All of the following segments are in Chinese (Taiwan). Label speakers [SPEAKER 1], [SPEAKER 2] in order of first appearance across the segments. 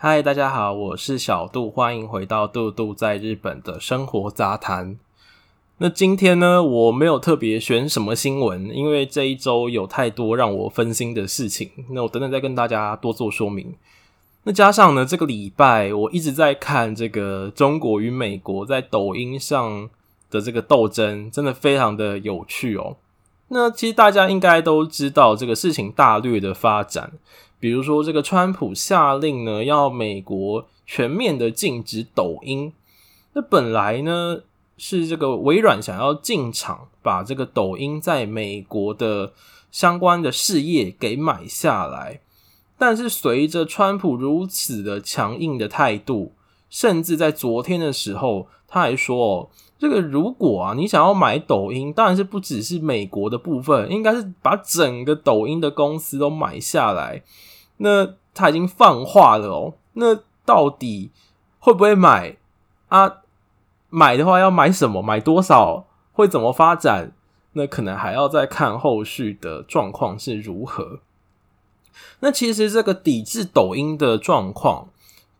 [SPEAKER 1] 嗨，Hi, 大家好，我是小杜，歡迎回到杜杜在日本的生活雜談。那今天呢，我沒有特別選什麼新聞，因為這一周有太多讓我分心的事情。那我等等再跟大家多做說明。那加上呢，這個禮拜我一直在看這個中國與美國在抖音上的這個鬥爭真的非常的有趣哦。那其實大家應該都知道這個事情大略的發展，比如說這個川普下令呢，要美國全面的禁止抖音。那本來呢是這個微軟想要進場，把這個抖音在美國的相關的事業給買下來。但是隨着川普如此的強硬的態度，甚至在昨天的時候，他還說哦。這個如果啊，你想要買抖音，當然是不只是美國的部分，應該是把整個抖音的公司都買下來。那他已經放話了哦，那到底會不會買啊？買的話要買什麼？買多少？會怎麼發展？那可能還要再看後續的狀況是如何。那其實這個抵制抖音的狀況，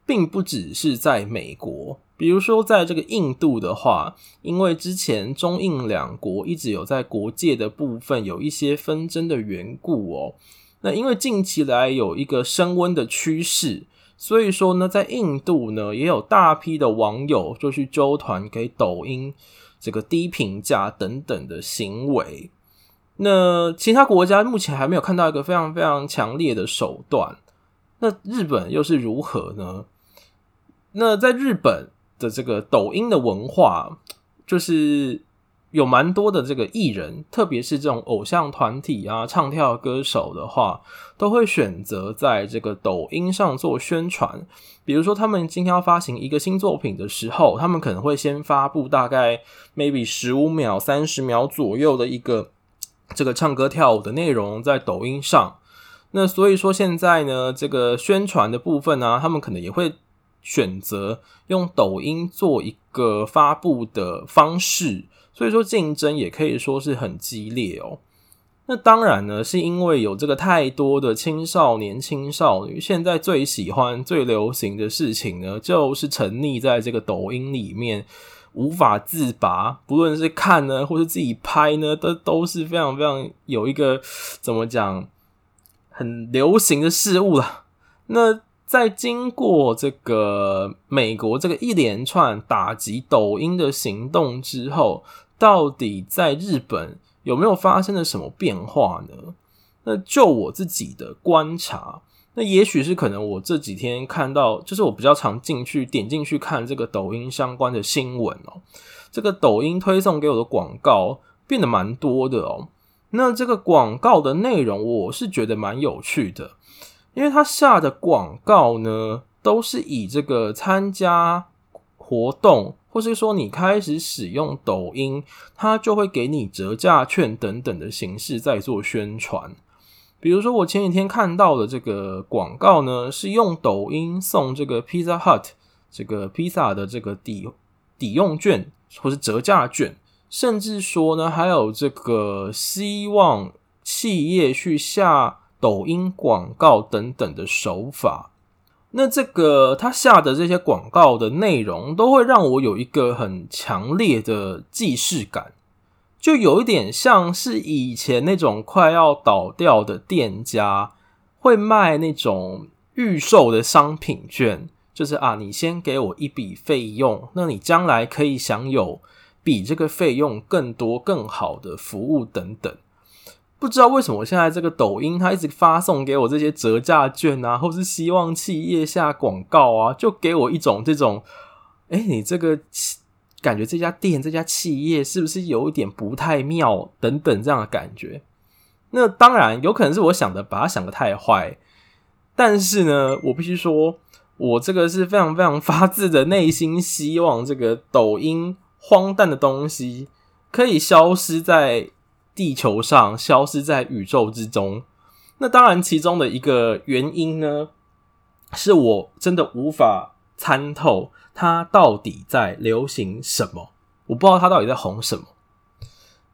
[SPEAKER 1] 並不只是在美國。比如說，在這個印度的話，因為之前中印兩國一直有在國界的部分有一些紛爭的緣故哦、喔，那因為近期來有一個升溫的趨勢，所以說呢，在印度呢也有大批的網友就去揪團給抖音這個低評價等等的行為。那其他國家目前還沒有看到一個非常非常強烈的手段。那日本又是如何呢？那在日本。的這個抖音的文化，就是有蠻多的這個藝人，特別是這種偶像團體啊、唱跳歌手的話，都會選擇在這個抖音上做宣傳。比如說，他們今天要發行一個新作品的時候，他們可能會先發布大概 maybe 十五秒、三十秒左右的一個這個唱歌跳舞的內容在抖音上。那所以說，現在呢，這個宣傳的部分呢、啊，他們可能也會。選擇用抖音做一個發佈的方式，所以說競爭也可以說是很激烈哦、喔。那當然呢，是因為有這個太多的青少年、青少女，現在最喜歡、最流行的事情呢，就是沉溺在這個抖音裡面，無法自拔。不論是看呢，或是自己拍呢，都都是非常、非常有一個怎麼講，很流行的事物啦。那。在經過這個美國這個一連串打擊抖音的行動之後，到底在日本有沒有發生了什麼變化呢？那就我自己的觀察，那也許是可能我這幾天看到，就是我比較常進去點進去看這個抖音相關的新聞哦，這個抖音推送給我的廣告變得蠻多的哦，那這個廣告的內容我是覺得蠻有趣的。因為他下的廣告呢，都是以這個參加活動，或是說你開始使用抖音，他就會給你折價券等等的形式在做宣傳。比如說，我前幾天看到的這個廣告呢，是用抖音送這個 Pizza Hut 這個披薩的這個抵抵用券，或是折價券，甚至說呢，還有這個希望企業去下。抖音廣告等等的手法，那這個他下的這些廣告的內容，都會讓我有一個很強烈的既視感，就有一點像是以前那種快要倒掉的店家，會賣那種預售的商品券，就是啊，你先給我一筆費用，那你將來可以享有比這個費用更多更好的服務等等。不知道為什麼現在這個抖音它一直發送給我這些折價券啊，或是希望企業下廣告啊，就給我一種這種，哎、欸，你這個企感覺這家店這家企業是不是有一點不太妙等等這樣的感覺。那當然有可能是我想的，把它想的太壞。但是呢，我必須說，我這個是非常非常發自的內心希望這個抖音荒誕的東西可以消失在地球上消失在宇宙之中。那當然，其中的一個原因呢，是我真的無法參透它到底在流行什麼。我不知道它到底在紅什麼。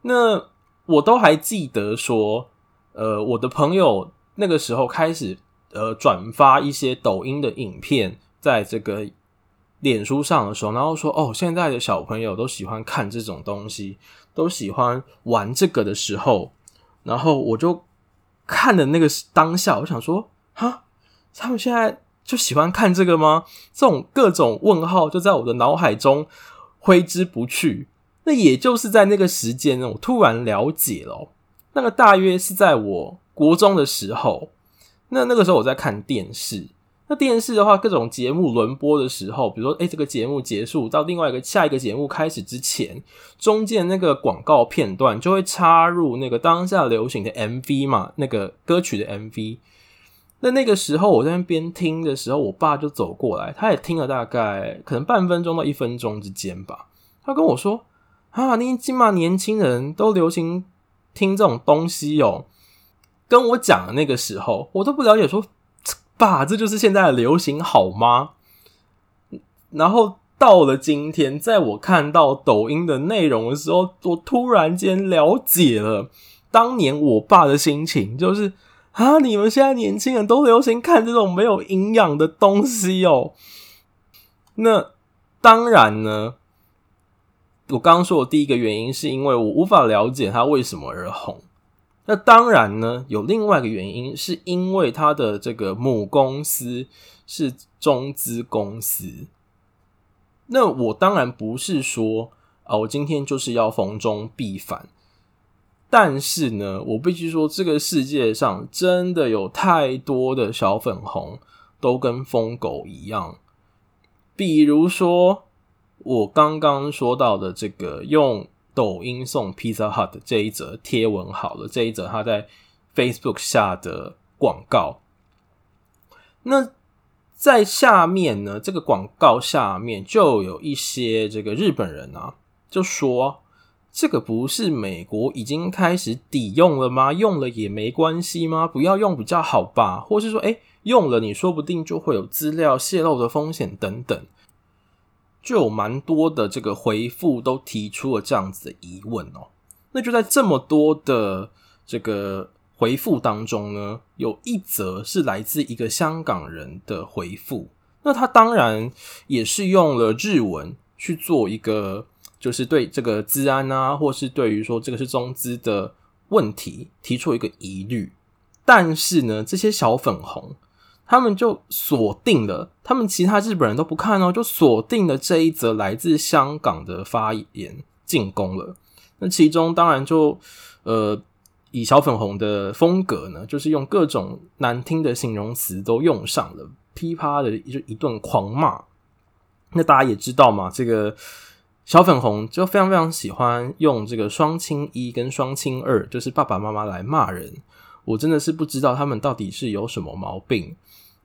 [SPEAKER 1] 那我都還記得說，呃，我的朋友那個時候開始呃轉發一些抖音的影片在這個臉書上的時候，然後說：“哦，現在的小朋友都喜歡看這種東西。”都喜歡玩這個的時候，然後我就看了那個當下，我想說，哈，他們現在就喜歡看這個嗎？這種各種問號就在我的腦海中揮之不去。那也就是在那個時間呢，我突然了解了、喔，那個大約是在我國中的時候。那那個時候我在看電視。那電視的話，各種節目輪播的時候，比如說，哎、欸，這個節目結束到另外一個下一個節目開始之前，中間那個廣告片段就會插入那個當下流行的 MV 嘛，那個歌曲的 MV。那那個時候我在那邊聽的時候，我爸就走過來，他也聽了大概可能半分鐘到一分鐘之間吧。他跟我說：“啊，你今嘛年輕人都流行聽這種東西喲、喔。”跟我講的那個時候，我都不了解說。爸，這就是現在的流行好嗎？然後到了今天，在我看到抖音的內容的時候，我突然間了解了當年我爸的心情，就是啊，你們現在年輕人都流行看這種沒有營養的東西哦。那當然呢，我剛剛說的第一個原因是因為我無法了解他為什麼而紅。那當然呢，有另外一個原因，是因為他的這個母公司是中資公司。那我當然不是說啊，我今天就是要逢中必反，但是呢，我必須說，這個世界上真的有太多的小粉紅都跟瘋狗一樣，比如說我剛剛說到的這個用。抖音送 Pizza Hut 這一則貼文好了，這一則他在 Facebook 下的廣告。那在下面呢，這個廣告下面就有一些這個日本人啊，就說這個不是美國已經開始抵用了嗎？用了也沒關係嗎？不要用比較好吧？或是說，哎、欸，用了你說不定就會有資料泄露的風險等等。就有蠻多的這個回復都提出了這樣子的疑問哦、喔，那就在這麼多的這個回復當中呢，有一則是來自一個香港人的回復，那他當然也是用了日文去做一個，就是對這個資安啊，或是對於說這個是中資的問題提出一個疑慮，但是呢，這些小粉紅。他們就鎖定了，他們其他日本人都不看哦，就鎖定了這一則來自香港的發言進攻了。那其中當然就呃，以小粉紅的風格呢，就是用各種難聽的形容詞都用上了，噼啪的就一頓狂罵。那大家也知道嘛，這個小粉紅就非常非常喜歡用這個雙親一跟雙親二，就是爸爸媽媽來罵人。我真的是不知道他們到底是有什麼毛病。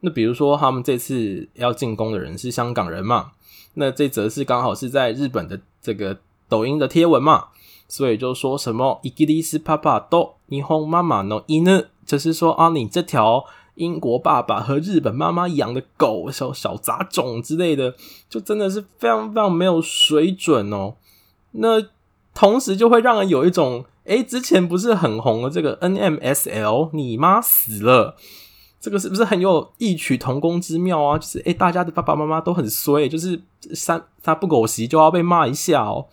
[SPEAKER 1] 那比如說，他們這次要進攻的人是香港人嘛，那這則是剛好是在日本的這個抖音的貼文嘛，所以就說什麼“イギリスパパと日本ママの犬”，就是說啊，你這條英國爸爸和日本媽媽養的狗，小小雜種之類的，就真的是非常非常沒有水準哦、喔。那同時就會讓人有一種，哎、欸，之前不是很紅的這個 NMSL，你媽死了。這個是不是很有異曲同工之妙啊？就是哎、欸，大家的爸爸媽媽都很衰，就是三不五時就要被罵一下哦。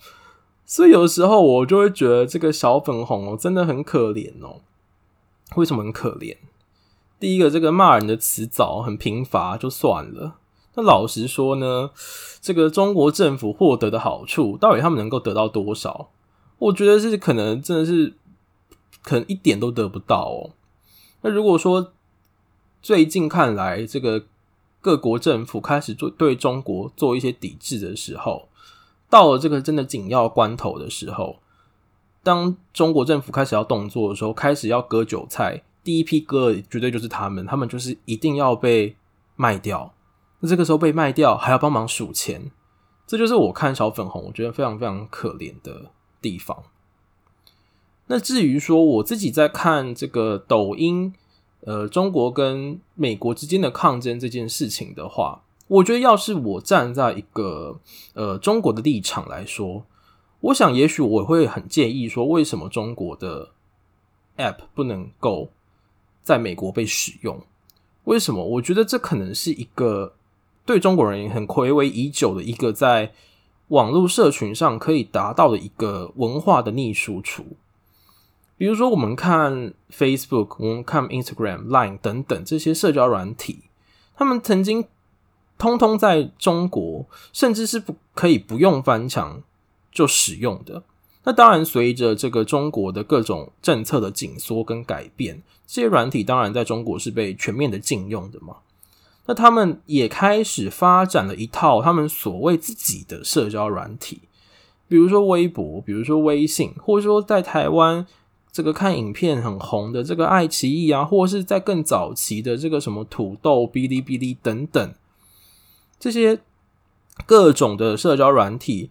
[SPEAKER 1] 所以有時候我就會覺得這個小粉紅哦，真的很可憐哦。為什麼很可憐？第一個，這個罵人的詞藻很貧乏，就算了。那老實說呢，這個中國政府獲得的好處，到底他們能夠得到多少？我覺得是可能真的是可能一點都得不到哦。那如果說最近看來，這個各國政府開始做對中國做一些抵制的時候，到了這個真的緊要關頭的時候，當中國政府開始要動作的時候，開始要割韭菜，第一批割的絕對就是他們，他們就是一定要被賣掉。那這個時候被賣掉，還要幫忙數錢，這就是我看小粉紅，我覺得非常非常可憐的地方。那至於說我自己在看這個抖音。呃，中國跟美國之間的抗爭這件事情的話，我覺得要是我站在一個呃中國的立場來說，我想也許我會很介意說，為什麼中國的 App 不能夠在美國被使用？為什麼？我覺得這可能是一個對中國人很睽違已久的一個在網絡社群上可以達到的一個文化的逆輸出。比如說，我們看 Facebook，我們看 Instagram、Line 等等這些社交軟體，他們曾經通通在中國，甚至是可以不用翻牆就使用的。那當然，隨着這個中國的各種政策的緊縮跟改變，這些軟體當然在中國是被全面的禁用的嘛。那他們也開始發展了一套他們所謂自己的社交軟體，比如說微博，比如說微信，或者說在台灣。這個看影片很紅的這個愛奇藝啊，或是在更早期的這個什麼土豆、嗶哩嗶哩等等，這些各種的社交軟體，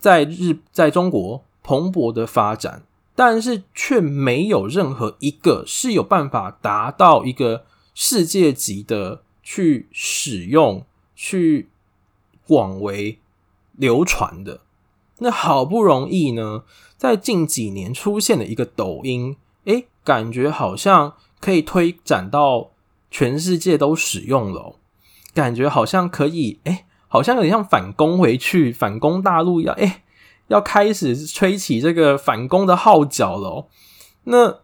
[SPEAKER 1] 在日在中國蓬勃的發展，但是卻沒有任何一個是有辦法達到一個世界級的去使用、去廣為流傳的。那好不容易呢，在近幾年出現了一個抖音，哎、欸，感覺好像可以推展到全世界都使用了、喔，感覺好像可以，哎、欸，好像有點像反攻回去，反攻大陸一樣，哎、欸，要開始吹起這個反攻的號角了、喔。那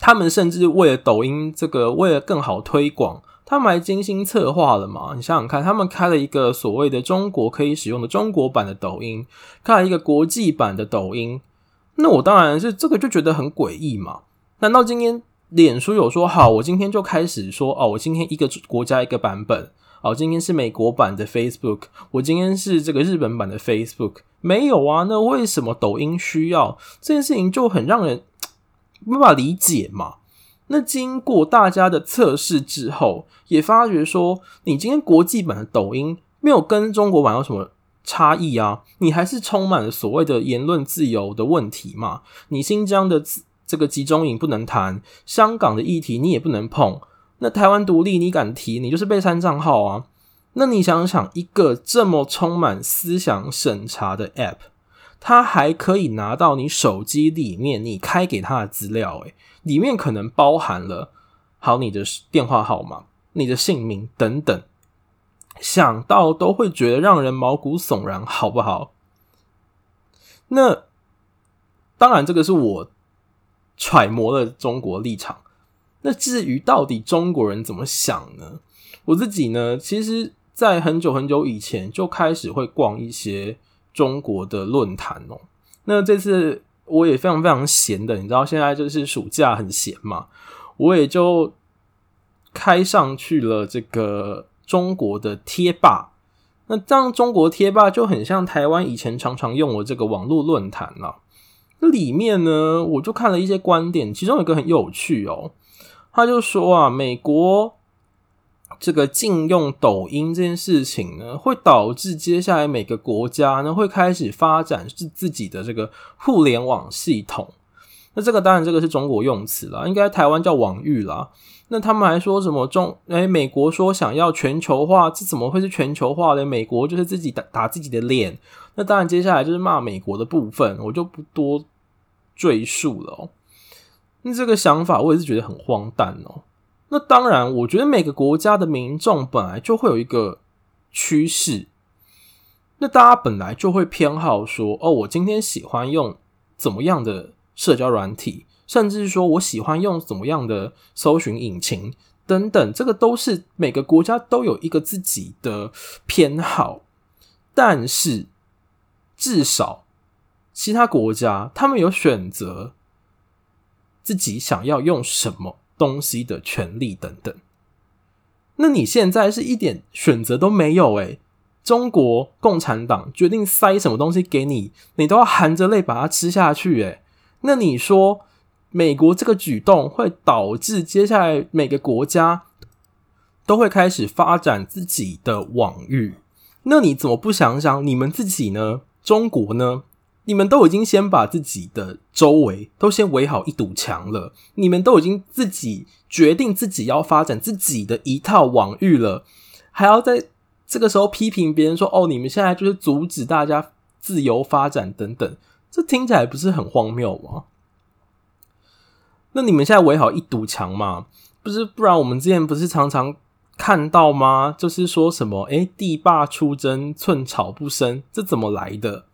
[SPEAKER 1] 他們甚至為了抖音這個，為了更好推廣。他們還精心策劃了嘛？你想想看，他們開了一個所謂的中國可以使用的中國版的抖音，開了一個國際版的抖音。那我當然是這個就覺得很詭異嘛？難道今天臉書有說好，我今天就開始說哦，我今天一個國家一個版本，哦，今天是美國版的 Facebook，我今天是這個日本版的 Facebook？沒有啊，那為什麼抖音需要這件事情就很讓人嘖，沒法理解嘛？那經過大家的測試之後，也發覺說，你今天國際版的抖音沒有跟中國版有什麼差異啊？你還是充滿了所謂的言論自由的問題嘛？你新疆的這個集中營不能談，香港的議題你也不能碰，那台灣獨立你敢提，你就是被刪賬號啊？那你想想，一個這麼充滿思想審查的 App。他還可以拿到你手機裡面你開給他的資料，欸，誒，裡面可能包含了好你的電話號碼、你的姓名等等，想到都會覺得讓人毛骨悚然，好不好？那當然，這個是我揣摩的中國立場。那至於到底中國人怎麼想呢？我自己呢，其實，在很久很久以前就開始會逛一些。中國的論壇哦，那這次我也非常非常閒的，你知道現在就是暑假很閒嘛，我也就開上去了這個中國的貼吧。那這樣中國貼吧就很像台灣以前常常用的這個網絡論壇了。那裡面呢，我就看了一些觀點，其中有一個很有趣哦、喔，他就說啊，美國。這個禁用抖音這件事情呢，會導致接下來每個國家呢會開始發展是自己的這個互聯網系統。那這個當然，這個是中國用詞啦，應該台灣叫網域啦。那他們還說什麼中，誒，哎，美國說想要全球化，這怎麼會是全球化呢？美國就是自己打打自己的臉。那當然，接下來就是罵美國的部分，我就不多贅述了，哦。那這個想法，我也是覺得很荒誕哦。那當然，我覺得每個國家的民眾本來就會有一個趨勢，那大家本來就會偏好說，哦，我今天喜歡用怎麼樣的社交軟體，甚至是說我喜歡用怎麼樣的搜尋引擎等等，這個都是每個國家都有一個自己的偏好，但是至少其他國家他們有選擇自己想要用什麼東西的權利等等，那你現在是一點選擇都沒有誒、欸，中國共產黨決定塞什麼東西給你，你都要含着淚把它吃下去誒、欸。那你說，美國這個舉動會導致接下來每個國家都會開始發展自己的網域，那你怎麼不想想你們自己呢？中國呢？你們都已經先把自己的周圍都先圍好一堵牆了，你們都已經自己決定自己要發展自己的一套網域了，還要在這個時候批評別人說：“哦，你們現在就是阻止大家自由發展等等。”這聽起來不是很荒謬嗎？那你們現在圍好一堵牆嘛？不是，不然我們之前不是常常看到嗎？就是說什麼“哎，帝吧出征，寸草不生”，這怎麼來的？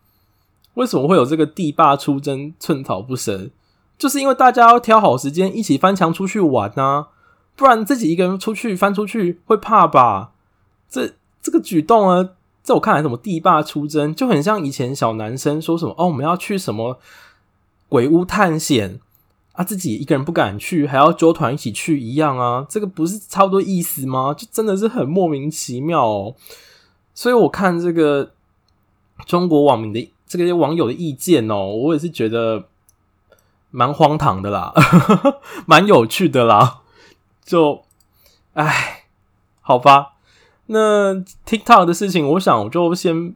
[SPEAKER 1] 為什麼會有這個帝吧出征寸草不生？就是因為大家要挑好時間一起翻牆出去玩啊，不然自己一個人出去翻出去會怕吧？這這個舉動啊，在我看來，什麼帝吧出征就很像以前小男生說什麼“哦、啊，我們要去什麼鬼屋探險啊”，自己一個人不敢去，還要揪團一起去一樣啊，這個不是差不多意思嗎？就真的是很莫名其妙哦、喔。所以我看這個中國網民的。這個網友的意見哦，我也是覺得蠻荒唐的啦，蠻 有趣的啦，就唉，好吧。那 TikTok 的事情，我想我就先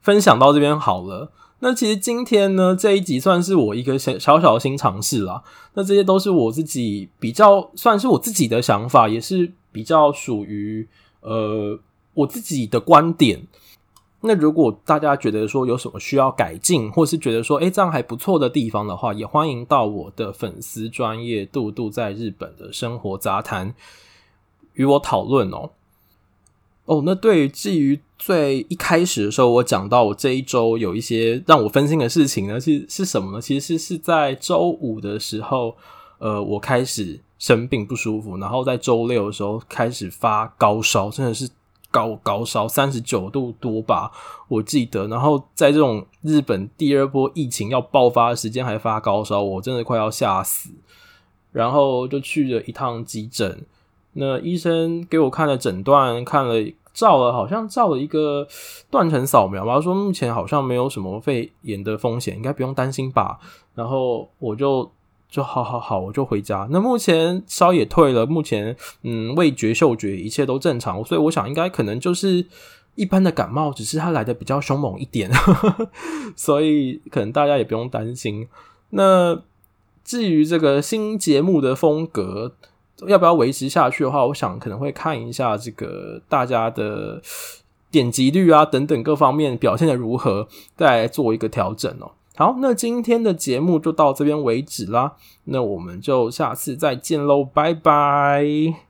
[SPEAKER 1] 分享到這邊好了。那其實今天呢，這一集算是我一個小小小的新嘗試啦。那這些都是我自己比較算是我自己的想法，也是比較屬於呃我自己的觀點。那如果大家覺得說有什麼需要改進，或是覺得說哎、欸、這樣還不錯的地方的話，也歡迎到我的粉絲專業度度在日本的生活雜談與我討論哦。哦、喔，那對於至於最一開始的時候，我講到我這一周有一些讓我分心的事情呢，是是什麼呢？其實是，是在周五的時候，呃，我開始生病不舒服，然後在周六的時候開始發高燒，真的是。高高燒，三十九度多吧，我記得。然後在這種日本第二波疫情要爆發的時間，還發高燒，我真的快要嚇死。然後就去了一趟急診，那醫生給我看了診斷，看了，照了，好像照了一個斷層掃描吧，說目前好像沒有什麼肺炎的風險，應該不用擔心吧。然後我就。就好好好，我就回家。那目前燒也退了，目前嗯，味覺、嗅覺一切都正常，所以我想應該可能就是一般的感冒，只是它來的比較兇猛一點， 所以可能大家也不用擔心。那至於這個新節目的風格要不要維持下去的話，我想可能會看一下這個大家的點擊率啊等等各方面表現得如何，再來做一個調整喔。好，那今天的節目就到這邊為止啦。那我們就下次再見嘍，拜拜。